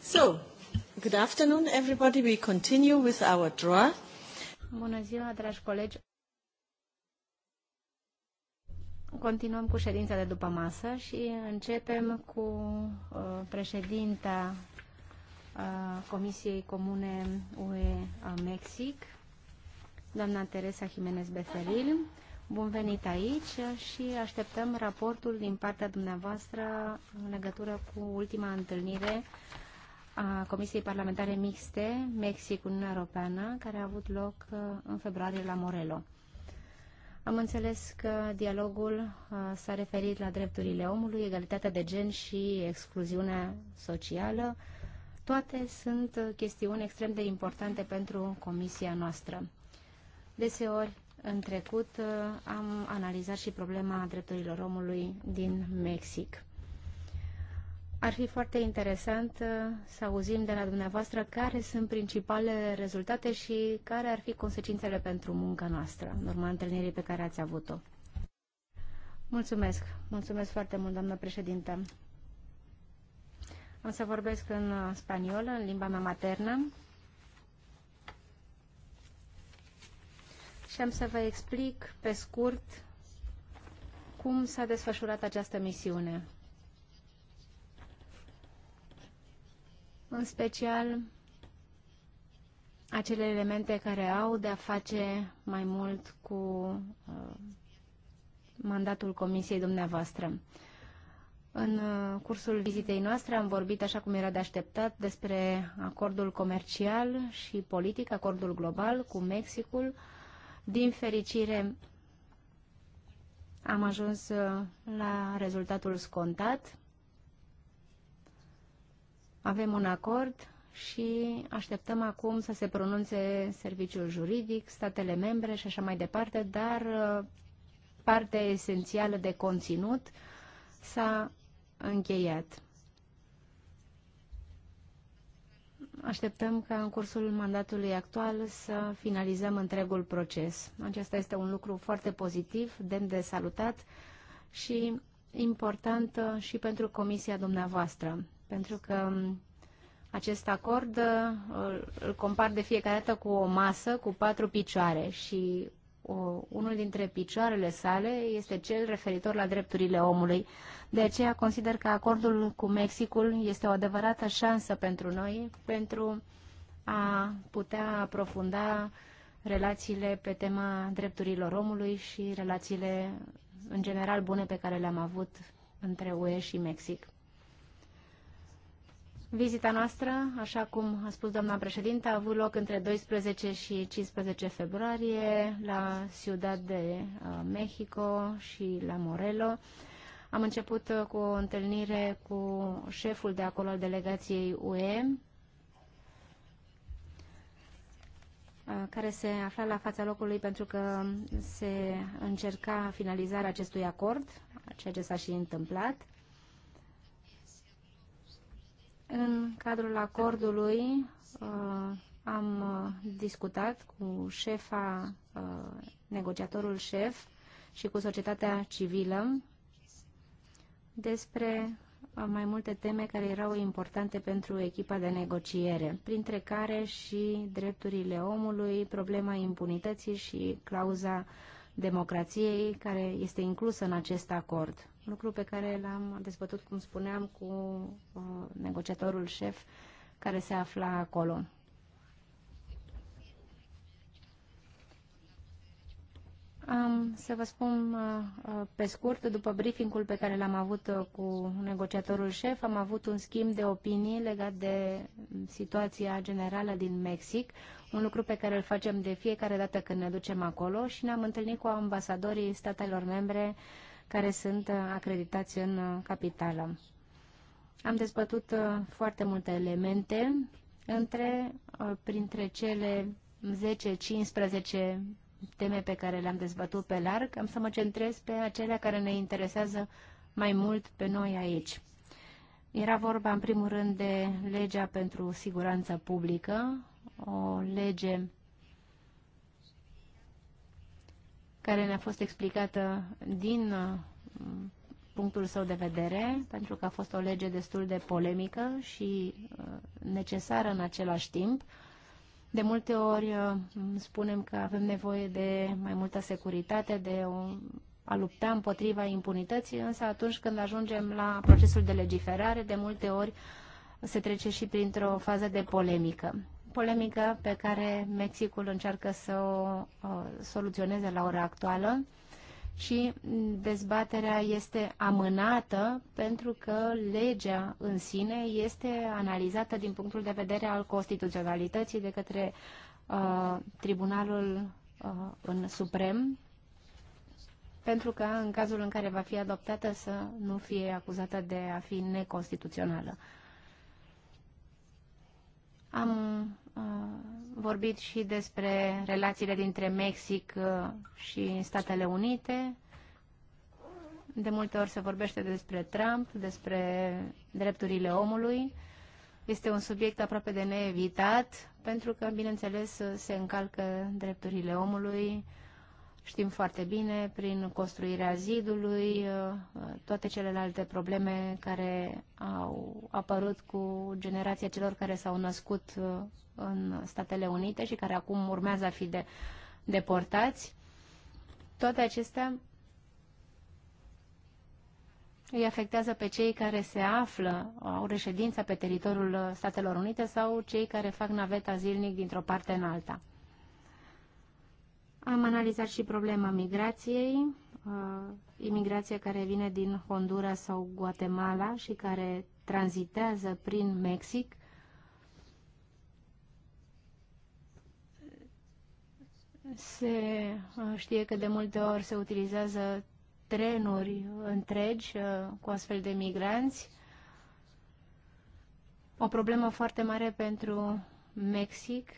So, good afternoon everybody. We continue with our draw. Bună ziua, dragi colegi. Continuăm cu ședința de după masă și începem cu uh, președinta uh, Comisiei Comune UE Mexic, doamna Teresa Jimenez Beferil Uh -huh. Bun venit aici și așteptăm raportul din partea dumneavoastră în legătură cu ultima întâlnire a Comisiei Parlamentare Mixte Mexic-Uniunea Europeană, care a avut loc uh, în februarie la Morelo. Am înțeles că dialogul uh, s-a referit la drepturile omului, egalitatea de gen și excluziunea socială. Toate sunt chestiuni extrem de importante pentru comisia noastră. Deseori în trecut uh, am analizat și problema drepturilor omului din Mexic. Ar fi foarte interesant uh, să auzim de la dumneavoastră care sunt principalele rezultate și care ar fi consecințele pentru munca noastră în urma întâlnirii pe care ați avut-o. Mulțumesc. Mulțumesc foarte mult, doamnă președintă. Am să vorbesc în uh, spaniolă, în limba mea maternă. și am să vă explic pe scurt cum s-a desfășurat această misiune. În special acele elemente care au de a face mai mult cu uh, mandatul comisiei dumneavoastră. În uh, cursul vizitei noastre am vorbit, așa cum era de așteptat, despre acordul comercial și politic, acordul global cu Mexicul, uh, din fericire, am ajuns uh, la rezultatul scontat. Avem un acord și așteptăm acum să se pronunțe serviciul juridic, statele membre și așa mai departe, dar uh, partea esențială de conținut s-a încheiat. așteptăm ca în cursul mandatului actual să finalizăm întregul proces. Acesta este un lucru foarte pozitiv, demn de salutat și important uh, și pentru comisia dumneavoastră, pentru că um, acest acord uh, îl compar de fiecare dată cu o masă cu patru picioare și Uh, unul dintre picioarele sale este cel referitor la drepturile omului. De aceea consider că acordul cu Mexicul este o adevărată șansă pentru noi pentru a putea aprofunda relațiile pe tema drepturilor omului și relațiile în general bune pe care le-am avut între UE și Mexic. Vizita noastră, așa cum a spus doamna președintă, a avut loc între 12 și 15 februarie la Ciudad de uh, Mexico și la Morelo. Am început uh, cu o întâlnire cu șeful de acolo al delegației UE, uh, care se afla la fața locului pentru că se încerca finalizarea acestui acord, ceea ce s-a și întâmplat. În cadrul acordului uh, am uh, discutat cu șefa, uh, negociatorul șef și cu societatea civilă despre mai multe teme care erau importante pentru echipa de negociere, printre care și drepturile omului, problema impunității și clauza democrației care este inclusă în acest acord. Lucru pe care l-am dezbătut, cum spuneam, cu uh, negociatorul șef care se afla acolo. Am să vă spun uh, pe scurt, după briefingul pe care l-am avut uh, cu negociatorul șef, am avut un schimb de opinii legat de situația generală din Mexic, un lucru pe care îl facem de fiecare dată când ne ducem acolo și ne-am întâlnit cu ambasadorii statelor membre care sunt uh, acreditați în capitală. Am dezbătut foarte multe elemente, între, printre cele 10-15 teme pe care le-am dezbătut pe larg, am să mă centrez pe acelea care ne interesează mai mult pe noi aici. Era vorba, în primul rând, de legea pentru siguranță publică, o lege care ne-a fost explicată din uh, punctul său de vedere, pentru că a fost o lege destul de polemică și uh, necesară în același timp, de multe ori uh, spunem că avem nevoie de mai multă securitate, de a lupta împotriva impunității, însă atunci când ajungem la procesul de legiferare, de multe ori se trece și printr-o fază de polemică. Polemică pe care Mexicul încearcă să o uh, soluționeze la ora actuală și dezbaterea este amânată pentru că legea în sine este analizată din punctul de vedere al constituționalității de către uh, Tribunalul uh, în Suprem pentru că în cazul în care va fi adoptată să nu fie acuzată de a fi neconstituțională. Am uh, vorbit și despre relațiile dintre Mexic uh, și Statele Unite. De multe ori se vorbește despre Trump, despre drepturile omului. Este un subiect aproape de neevitat, pentru că, bineînțeles, se încalcă drepturile omului, uh, Știm foarte bine, prin construirea zidului, uh, toate celelalte probleme care au apărut cu generația celor care s-au născut uh, în Statele Unite și care acum urmează a fi de, deportați, toate acestea îi afectează pe cei care se află, au reședința pe teritoriul uh, Statelor Unite sau cei care fac naveta zilnic dintr-o parte în alta. Am analizat și problema migrației, uh, imigrația care vine din Honduras sau Guatemala și care tranzitează prin Mexic. Se uh, știe că de multe ori se utilizează trenuri întregi uh, cu astfel de migranți. O problemă foarte mare pentru Mexic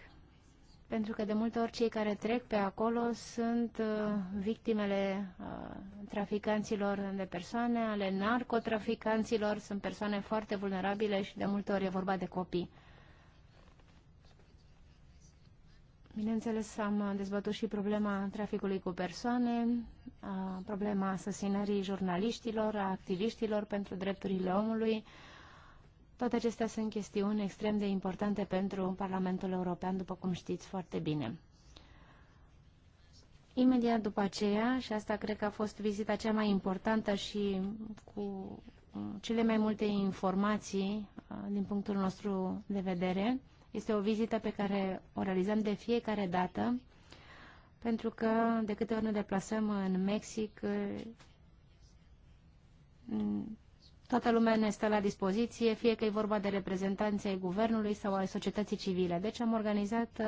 pentru că de multe ori cei care trec pe acolo sunt uh, victimele uh, traficanților de persoane, ale narcotraficanților, sunt persoane foarte vulnerabile și de multe ori e vorba de copii. Bineînțeles, am dezbătut și problema traficului cu persoane, uh, problema asasinării jurnaliștilor, a activiștilor pentru drepturile omului, toate acestea sunt chestiuni extrem de importante pentru Parlamentul European, după cum știți foarte bine. Imediat după aceea, și asta cred că a fost vizita cea mai importantă și cu cele mai multe informații din punctul nostru de vedere, este o vizită pe care o realizăm de fiecare dată, pentru că de câte ori ne deplasăm în Mexic, Toată lumea ne stă la dispoziție, fie că e vorba de reprezentanții ai guvernului sau ai societății civile. Deci am organizat uh,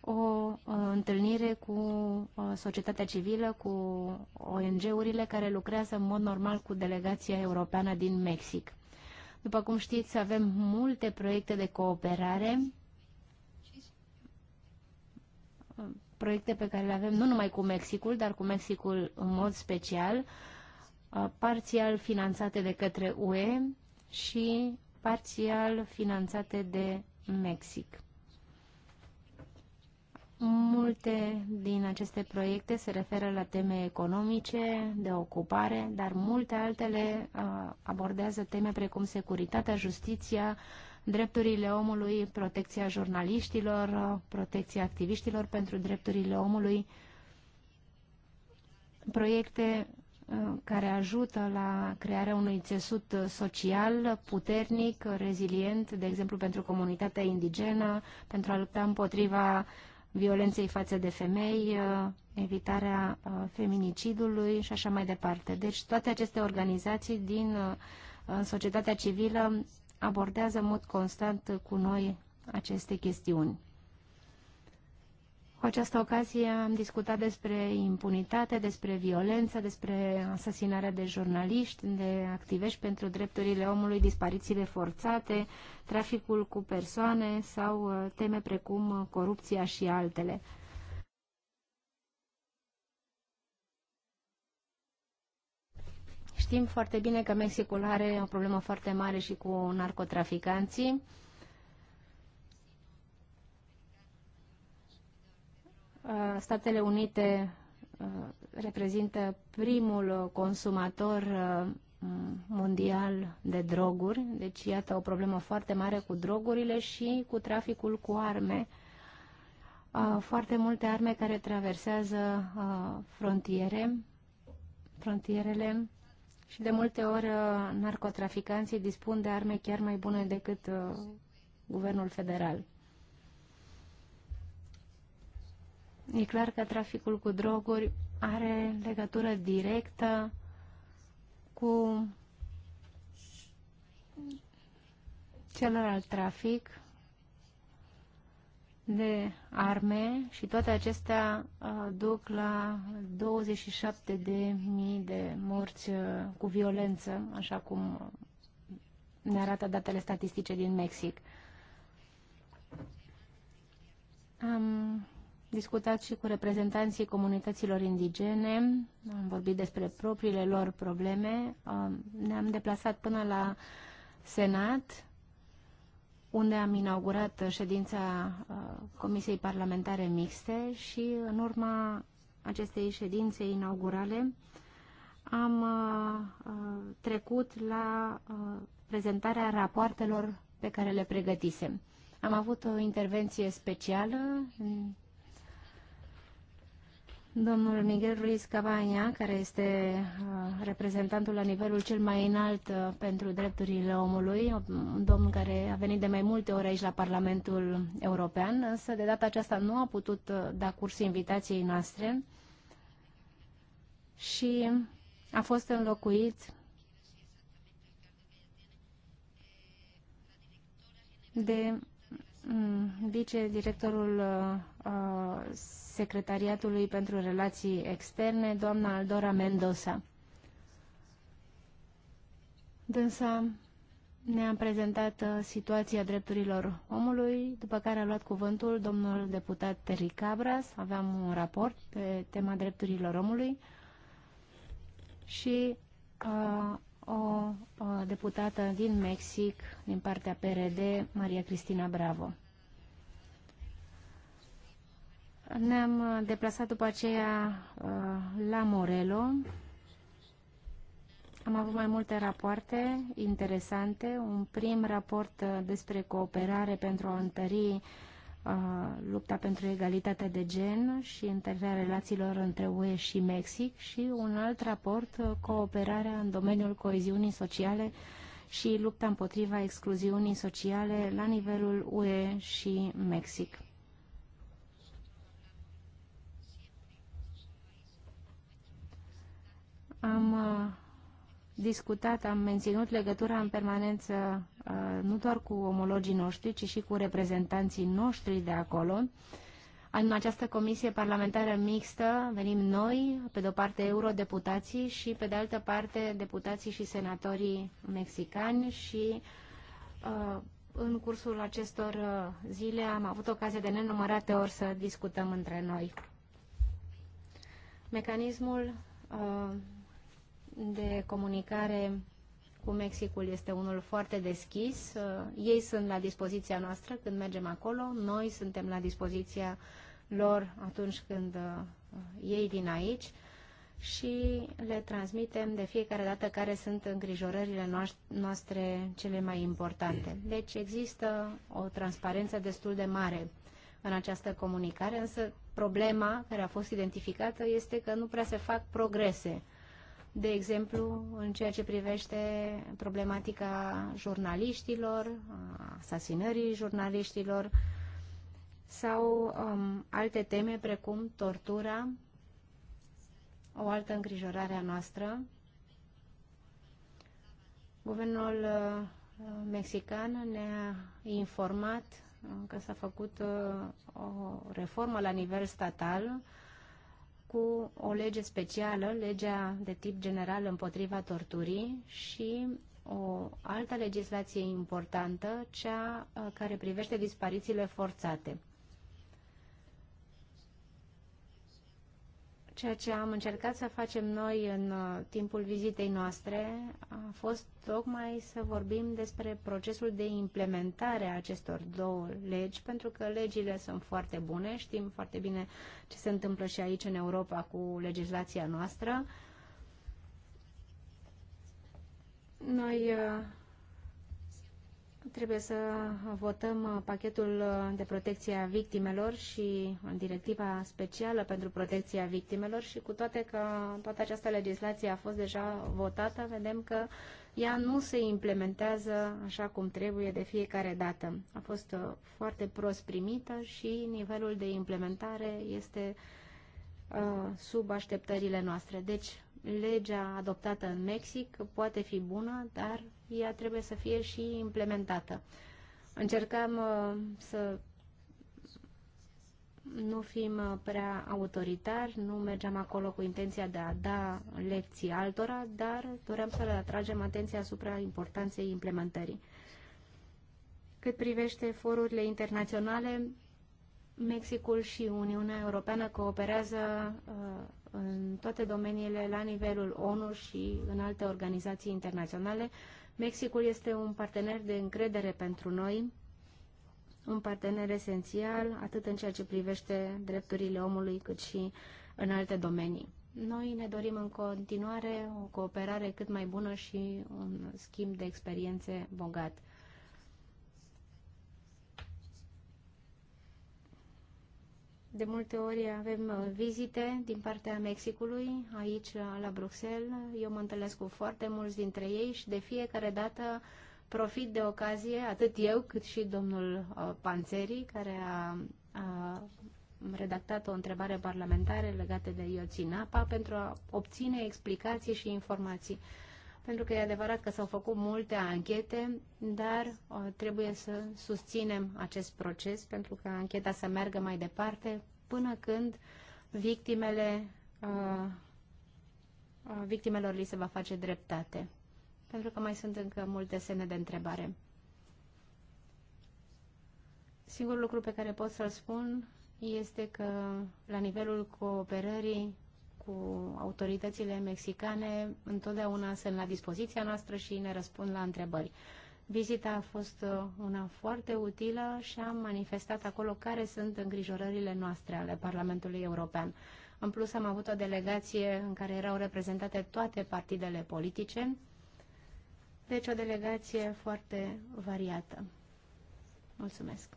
o uh, întâlnire cu uh, societatea civilă, cu ONG-urile care lucrează în mod normal cu delegația europeană din Mexic. După cum știți, avem multe proiecte de cooperare, proiecte pe care le avem nu numai cu Mexicul, dar cu Mexicul în mod special, uh, Uh, parțial finanțate de către UE și parțial finanțate de Mexic. Multe din aceste proiecte se referă la teme economice, de ocupare, dar multe altele uh, abordează teme precum securitatea, justiția, drepturile omului, protecția jurnaliștilor, uh, protecția activiștilor pentru drepturile omului, proiecte Uh, care ajută la crearea unui țesut social puternic, rezilient, de exemplu pentru comunitatea indigenă, pentru a lupta împotriva violenței față de femei, uh, evitarea uh, feminicidului și așa mai departe. Deci toate aceste organizații din societatea civilă abordează în mod constant cu noi aceste chestiuni. Cu această ocazie am discutat despre impunitate, despre violență, despre asasinarea de jurnaliști, de activești pentru drepturile omului, disparițiile forțate, traficul cu persoane sau uh, teme precum corupția și altele. Știm foarte bine că Mexicul are o problemă foarte mare și cu narcotraficanții Uh, Statele Unite uh, reprezintă primul consumator uh, mondial de droguri, deci iată o problemă foarte mare cu drogurile și cu traficul cu arme. Foarte multe arme care traversează frontiere, frontierele și de multe ori narcotraficanții dispun de arme chiar mai bune decât guvernul federal. E clar că traficul cu droguri are legătură directă cu celălalt trafic de arme și toate acestea uh, duc la 27.000 de mii de morți uh, cu violență, așa cum ne arată datele statistice din Mexic. Am discutat și cu reprezentanții comunităților indigene, am vorbit despre propriile lor probleme, ne-am deplasat până la Senat, unde am inaugurat ședința uh, Comisiei Parlamentare Mixte și în urma acestei ședințe inaugurale am uh, uh, trecut la prezentarea rapoartelor pe care le pregătisem. Am avut o intervenție specială Domnul Miguel Ruiz Cabania, care este uh, reprezentantul la nivelul cel mai înalt uh, pentru drepturile omului, un domn care a venit de mai multe ori aici la Parlamentul European, însă de data aceasta nu a putut uh, da curs invitației noastre și a fost înlocuit de mm, vice-directorul Secretariatului pentru Relații Externe, doamna Aldora Mendoza. Dânsa ne-a prezentat uh, situația drepturilor omului, după care a luat cuvântul domnul deputat Terry Cabras, aveam un raport pe tema drepturilor omului și a, uh, o a, deputată din Mexic, din partea PRD, Maria Cristina Bravo. Ne-am uh, deplasat după aceea uh, la Morelo. Am avut mai multe rapoarte interesante. Un prim raport uh, despre cooperare pentru a întări lupta pentru egalitatea de gen și întărirea relațiilor între UE și Mexic și un alt raport, cooperarea în domeniul coeziunii sociale și lupta împotriva excluziunii sociale la nivelul UE și Mexic. discutat, am menținut legătura în permanență uh, nu doar cu omologii noștri, ci și cu reprezentanții noștri de acolo. În această comisie parlamentară mixtă venim noi, pe de o parte eurodeputații și pe de altă parte deputații și senatorii mexicani și uh, în cursul acestor uh, zile am avut ocazia de nenumărate ori să discutăm între noi. Mecanismul de comunicare cu Mexicul este unul foarte deschis. Uh, ei sunt la dispoziția noastră când mergem acolo, noi suntem la dispoziția lor atunci când uh, ei vin aici și le transmitem de fiecare dată care sunt îngrijorările noastre cele mai importante. Deci există o transparență destul de mare în această comunicare, însă problema care a fost identificată este că nu prea se fac progrese de exemplu, în ceea ce privește problematica jurnaliștilor, asasinării jurnaliștilor sau um, alte teme precum tortura, o altă îngrijorare a noastră. Guvernul uh, mexican ne-a informat uh, că s-a făcut uh, o reformă la nivel statal uh, cu o lege specială, legea de tip general împotriva torturii și o altă legislație importantă, cea uh, care privește disparițiile forțate. Ceea ce am încercat să facem noi în uh, timpul vizitei noastre a fost tocmai să vorbim despre procesul de implementare a acestor două legi, pentru că legile sunt foarte bune, știm foarte bine ce se întâmplă și aici în Europa cu legislația noastră. Noi uh, Trebuie să votăm uh, pachetul uh, de protecție a victimelor și uh, directiva specială pentru protecția victimelor și cu toate că toată această legislație a fost deja votată, vedem că ea nu se implementează așa cum trebuie de fiecare dată. A fost foarte prost primită și nivelul de implementare este sub așteptările noastre. Deci legea adoptată în Mexic poate fi bună, dar ea trebuie să fie și implementată. Încercam uh, să nu fim uh, prea autoritari, nu mergeam acolo cu intenția de a da lecții altora, dar doream să le atragem atenția asupra importanței implementării. Cât privește forurile internaționale, Mexicul și Uniunea Europeană cooperează uh, în toate domeniile, la nivelul ONU și în alte organizații internaționale. Mexicul este un partener de încredere pentru noi, un partener esențial, atât în ceea ce privește drepturile omului, cât și în alte domenii. Noi ne dorim în continuare o cooperare cât mai bună și un schimb de experiențe bogat. De multe ori avem uh, vizite din partea Mexicului, aici uh, la Bruxelles. Eu mă întâlnesc cu foarte mulți dintre ei și de fiecare dată profit de ocazie, atât eu cât și domnul uh, Panzeri care a, a redactat o întrebare parlamentară legată de Ioținapa pentru a obține explicații și informații pentru că e adevărat că s-au făcut multe anchete, dar o, uh, trebuie să susținem acest proces pentru că ancheta să meargă mai departe până când victimele, a, uh, a, uh, victimelor li se va face dreptate. Pentru că mai sunt încă multe semne de întrebare. Singurul lucru pe care pot să-l spun este că la nivelul cooperării cu autoritățile mexicane întotdeauna sunt la dispoziția noastră și ne răspund la întrebări. Vizita a fost uh, una foarte utilă și am manifestat acolo care sunt îngrijorările noastre ale Parlamentului European. În plus, am avut o delegație în care erau reprezentate toate partidele politice, deci o delegație foarte variată. Mulțumesc!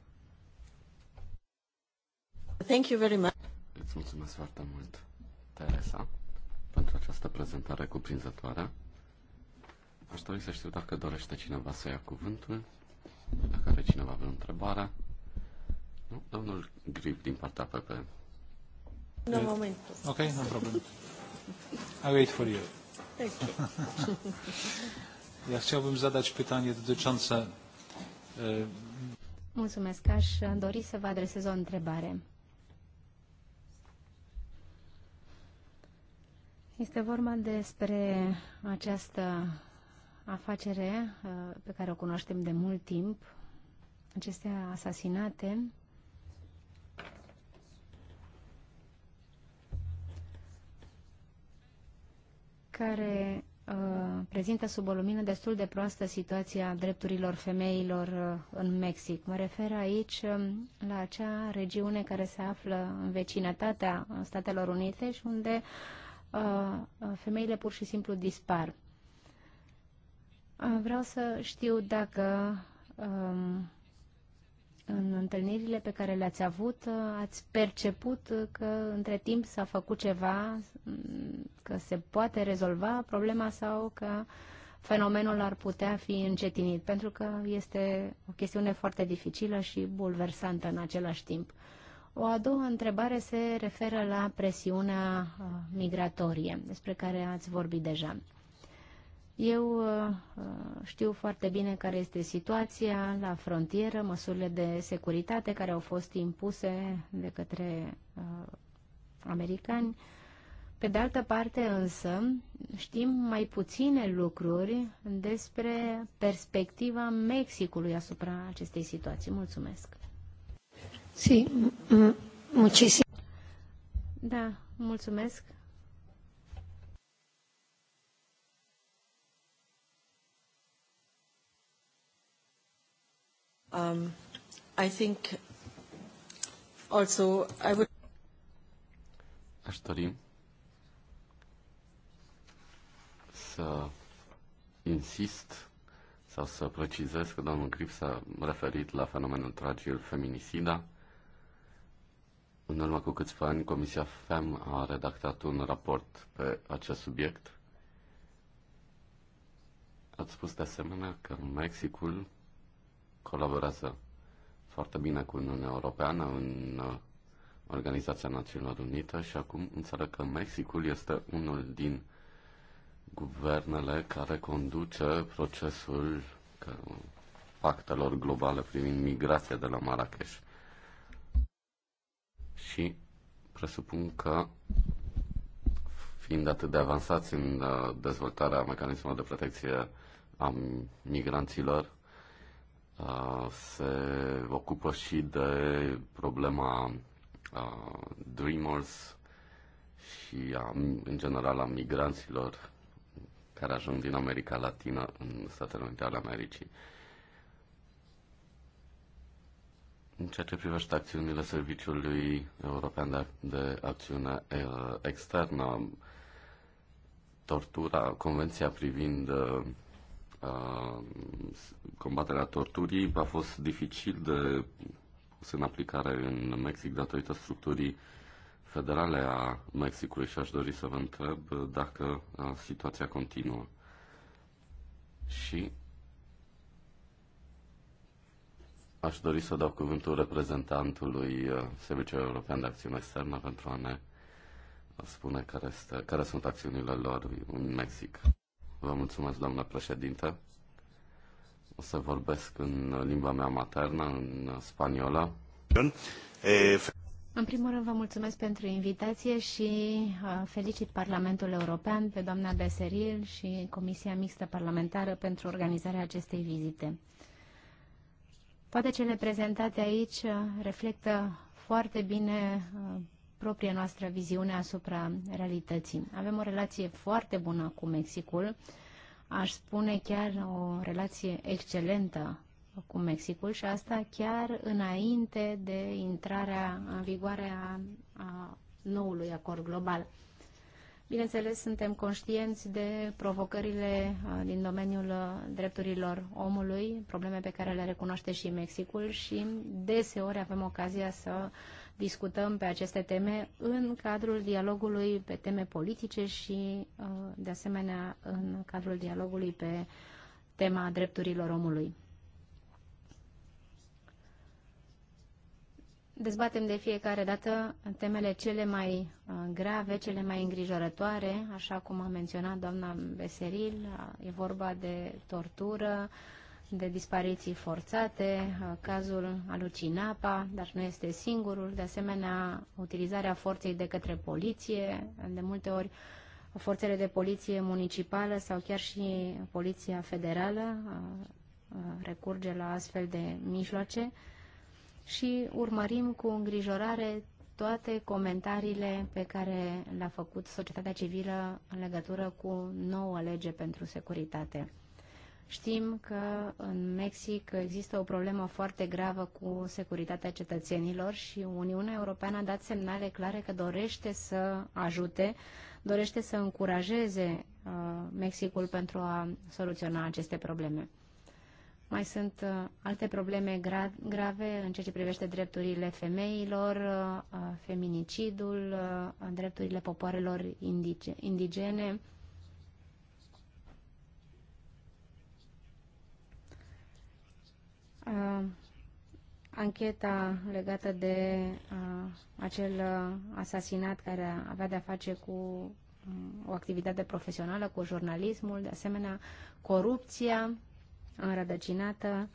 Thank you very much. Îți mulțumesc foarte mult! Teresa, pentru această prezentare cuprinzătoare. Aș dori să știu dacă dorește cineva să ia cuvântul, dacă are cineva vreo întrebare. Nu? Domnul Grip din partea PP. No, moment. Ok, no problem. I wait for you. ja chciałbym zadać pytanie dotyczące... Mulțumesc. Aș dori să vă adresez o întrebare. Este vorba despre această afacere uh, pe care o cunoaștem de mult timp, aceste asasinate care uh, prezintă sub o lumină destul de proastă situația drepturilor femeilor uh, în Mexic. Mă refer aici uh, la acea regiune care se află în vecinătatea Statelor Unite și unde uh, femeile pur și simplu dispar. Vreau să știu dacă în întâlnirile pe care le-ați avut, ați perceput că între timp s-a făcut ceva, că se poate rezolva problema sau că fenomenul ar putea fi încetinit, pentru că este o chestiune foarte dificilă și bulversantă în același timp. O a doua întrebare se referă la presiunea uh, migratorie, despre care ați vorbit deja. Eu uh, uh, știu foarte bine care este situația la frontieră, măsurile de securitate care au fost impuse de către americani. Pe de altă parte însă știm mai puține lucruri despre perspectiva Mexicului asupra acestei situații. Mulțumesc! Sí, muchísimas. Da, mulțumesc. Um, I think also I would Aș dori să insist sau să precizez că domnul Grip a referit la fenomenul tragil feminicida în urmă cu câțiva ani, Comisia FEM a redactat un raport pe acest subiect. Ați spus de asemenea că Mexicul colaborează foarte bine cu Uniunea Europeană în uh, Organizația Națiunilor Unite și acum înțeleg că Mexicul este unul din guvernele care conduce procesul actelor globale privind migrația de la Marrakesh și presupun că fiind atât de avansați în uh, dezvoltarea mecanismelor de protecție a migranților, uh, se ocupă și de problema uh, dreamers și a, în general a migranților care ajung din America Latină în Statele Unite ale Americii. În ceea ce privește acțiunile Serviciului European de, de Acțiune eh, Externă, tortura, convenția privind uh, combaterea torturii a fost dificil de pus în aplicare în Mexic datorită structurii federale a Mexicului și aș dori să vă întreb dacă situația continuă. Și Aș dori să dau cuvântul reprezentantului uh, Serviciului European de Acțiune Externă pentru a ne spune care, este, care sunt acțiunile lor în Mexic. Vă mulțumesc, doamnă președinte. O să vorbesc în limba mea maternă, în spaniola. În primul rând vă mulțumesc pentru invitație și uh, felicit Parlamentul European pe doamna Beseril și Comisia Mixtă Parlamentară pentru organizarea acestei vizite. Poate cele prezentate aici uh, reflectă foarte bine uh, propria noastră viziune asupra realității. Avem o relație foarte bună cu Mexicul, aș spune chiar o relație excelentă cu Mexicul și asta chiar înainte de intrarea în vigoare a, a noului acord global. Bineînțeles, suntem conștienți de provocările uh, din domeniul uh, drepturilor omului, probleme pe care le recunoaște și Mexicul și deseori avem ocazia să discutăm pe aceste teme în cadrul dialogului pe teme politice și, uh, de asemenea, în cadrul dialogului pe tema drepturilor omului. Dezbatem de fiecare dată temele cele mai uh, grave, cele mai îngrijorătoare, așa cum a menționat doamna Beseril, uh, e vorba de tortură, de dispariții forțate, uh, cazul Alucinapa, dar nu este singurul, de asemenea utilizarea forței de către poliție, de multe ori forțele de poliție municipală sau chiar și poliția federală recurge la astfel de mijloace, și urmărim cu îngrijorare toate comentariile pe care le-a făcut societatea civilă în legătură cu noua lege pentru securitate. Știm că în Mexic există o problemă foarte gravă cu securitatea cetățenilor și Uniunea Europeană a dat semnale clare că dorește să ajute, dorește să încurajeze uh, Mexicul pentru a soluționa aceste probleme. Mai sunt uh, alte probleme gra grave în ceea ce privește drepturile femeilor, uh, uh feminicidul, uh, uh, drepturile popoarelor indige indigene. Uh, ancheta legată de uh, acel uh, asasinat care avea de-a face cu um, o activitate profesională, cu jurnalismul, de asemenea corupția, înrădăcinată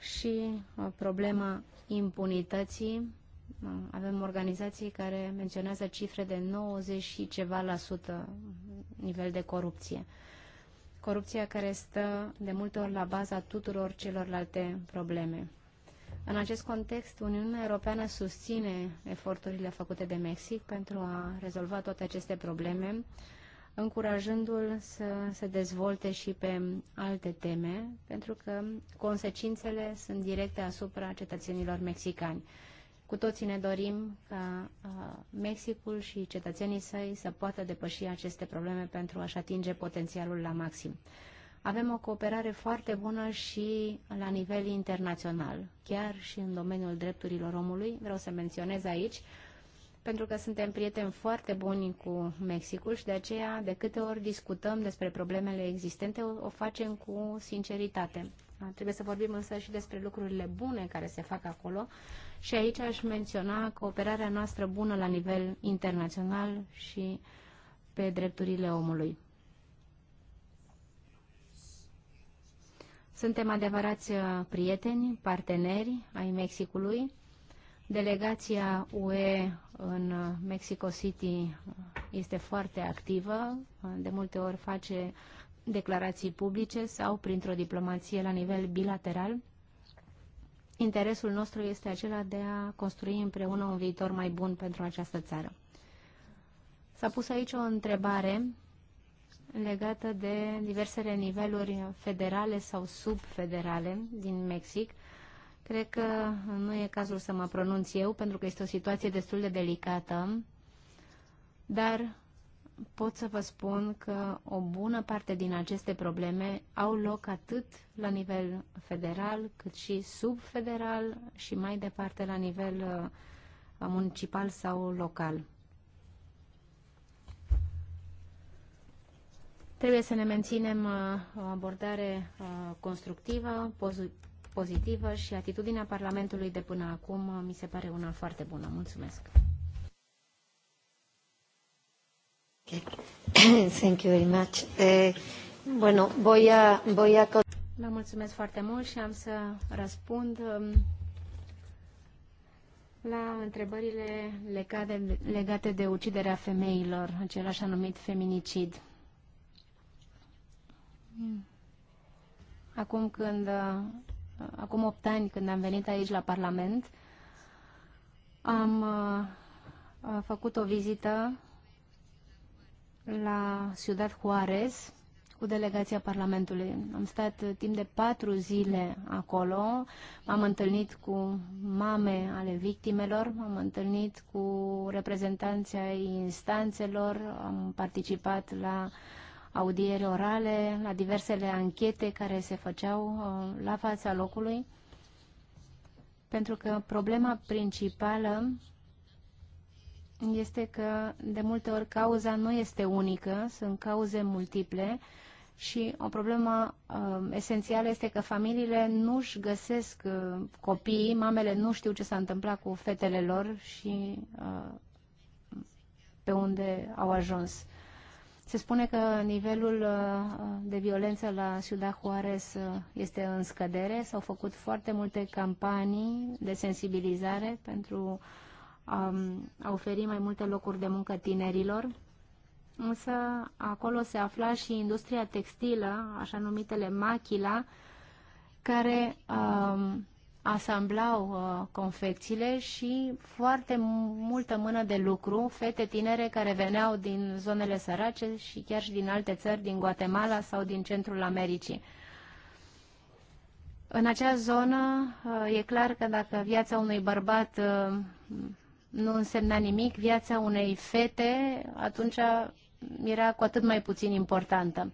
și uh, problema impunității. Uh, avem organizații care menționează cifre de 90 și ceva la sută nivel de corupție. Corupția care stă de multe ori la baza tuturor celorlalte probleme. În acest context, Uniunea Europeană susține eforturile făcute de Mexic pentru a rezolva toate aceste probleme încurajându-l să se dezvolte și pe alte teme, pentru că consecințele sunt directe asupra cetățenilor mexicani. Cu toții ne dorim ca Mexicul și cetățenii săi să poată depăși aceste probleme pentru a-și atinge potențialul la maxim. Avem o cooperare foarte bună și la nivel internațional, chiar și în domeniul drepturilor omului. Vreau să menționez aici pentru că suntem prieteni foarte buni cu Mexicul și de aceea de câte ori discutăm despre problemele existente o facem cu sinceritate. Trebuie să vorbim însă și despre lucrurile bune care se fac acolo și aici aș menționa cooperarea noastră bună la nivel internațional și pe drepturile omului. Suntem adevărați uh, prieteni, parteneri ai Mexicului. Delegația UE în Mexico City este foarte activă, de multe ori face declarații publice sau printr-o diplomație la nivel bilateral. Interesul nostru este acela de a construi împreună un viitor mai bun pentru această țară. S-a pus aici o întrebare legată de diversele niveluri federale sau subfederale din Mexic Cred că nu e cazul să mă pronunț eu, pentru că este o situație destul de delicată, dar pot să vă spun că o bună parte din aceste probleme au loc atât la nivel federal, cât și subfederal și mai departe la nivel uh, municipal sau local. Trebuie să ne menținem uh, o abordare uh, constructivă, pozitivă și atitudinea Parlamentului de până acum mi se pare una foarte bună. Mulțumesc! Thank you very much. Uh, bueno, voy a, voy a... Vă mulțumesc foarte mult și am să răspund um, la întrebările legate, legate de uciderea femeilor, același anumit feminicid. Hmm. Acum când uh, acum 8 ani când am venit aici la Parlament, am uh, uh, făcut o vizită la Ciudad Juarez cu delegația Parlamentului. Am stat timp de patru zile acolo, m-am întâlnit cu mame ale victimelor, m-am întâlnit cu reprezentanții instanțelor, am participat la uh, audieri orale, la diversele anchete care se făceau uh, la fața locului, pentru că problema principală este că de multe ori cauza nu este unică, sunt cauze multiple și o problemă uh, esențială este că familiile nu își găsesc uh, copiii, mamele nu știu ce s-a întâmplat cu fetele lor și uh, pe unde au ajuns. Se spune că nivelul uh, de violență la Ciudad Juarez uh, este în scădere. S-au făcut foarte multe campanii de sensibilizare pentru um, a oferi mai multe locuri de muncă tinerilor. Însă acolo se afla și industria textilă, așa numitele machila, care um, asamblau uh, confecțiile și foarte multă mână de lucru, fete tinere care veneau din zonele sărace și chiar și din alte țări, din Guatemala sau din centrul Americii. În acea zonă uh, e clar că dacă viața unui bărbat uh, nu însemna nimic, viața unei fete atunci era cu atât mai puțin importantă.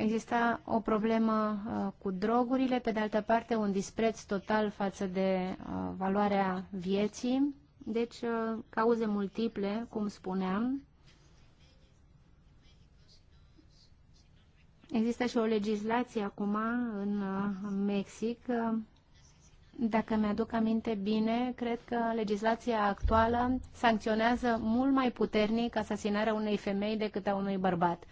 Exista o problemă uh, cu drogurile, pe de altă parte un dispreț total față de uh, valoarea vieții, deci uh, cauze multiple, cum spuneam. Există și o legislație acum în Mexic. Dacă mi-aduc aminte bine, cred că legislația actuală sancționează mult mai puternic asasinarea unei femei decât a unui bărbat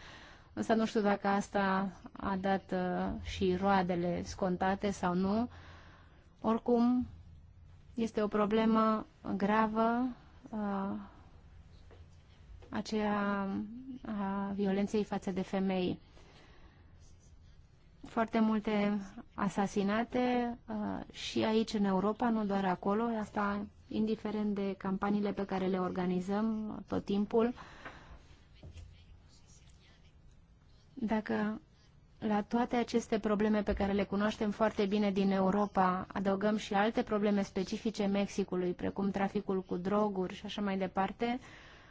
însă nu știu dacă asta a dat uh, și roadele scontate sau nu. Oricum, este o problemă gravă uh, aceea a violenței față de femei. Foarte multe asasinate uh, și aici în Europa, nu doar acolo, asta indiferent de campaniile pe care le organizăm tot timpul, Dacă la toate aceste probleme pe care le cunoaștem foarte bine din Europa, adăugăm și alte probleme specifice Mexicului, precum traficul cu droguri și așa mai departe,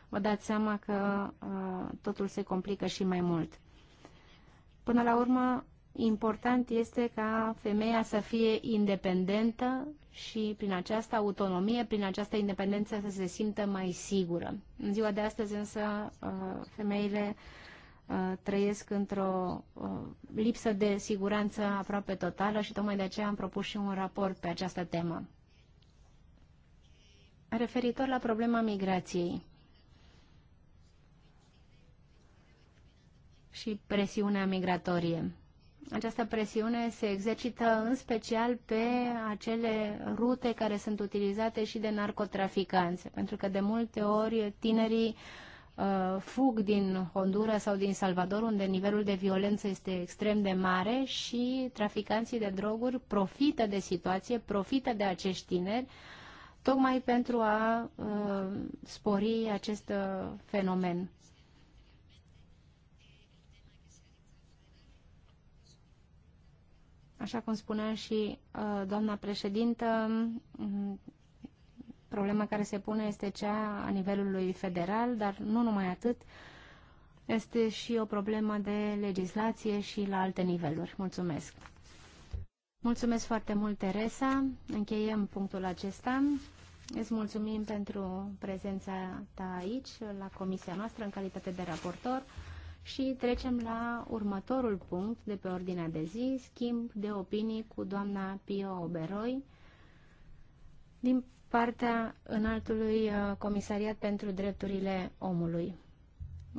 vă dați seama că uh, totul se complică și mai mult. Până la urmă, important este ca femeia să fie independentă și prin această autonomie, prin această independență să se simtă mai sigură. În ziua de astăzi însă uh, femeile Uh, trăiesc într-o uh, lipsă de siguranță aproape totală și tocmai de aceea am propus și un raport pe această temă. Referitor la problema migrației și presiunea migratorie. Această presiune se exercită în special pe acele rute care sunt utilizate și de narcotraficanți, pentru că de multe ori tinerii uh, Uh, fug din Honduras sau din Salvador, unde nivelul de violență este extrem de mare și traficanții de droguri profită de situație, profită de acești tineri, tocmai pentru a uh, spori acest uh, fenomen. Așa cum spunea și uh, doamna președintă, Problema care se pune este cea a nivelului federal, dar nu numai atât. Este și o problemă de legislație și la alte niveluri. Mulțumesc! Mulțumesc foarte mult, Teresa. Încheiem punctul acesta. Îți mulțumim pentru prezența ta aici, la comisia noastră, în calitate de raportor. Și trecem la următorul punct de pe ordinea de zi, schimb de opinii cu doamna Pio Oberoi, din partea înaltului uh, comisariat pentru drepturile omului.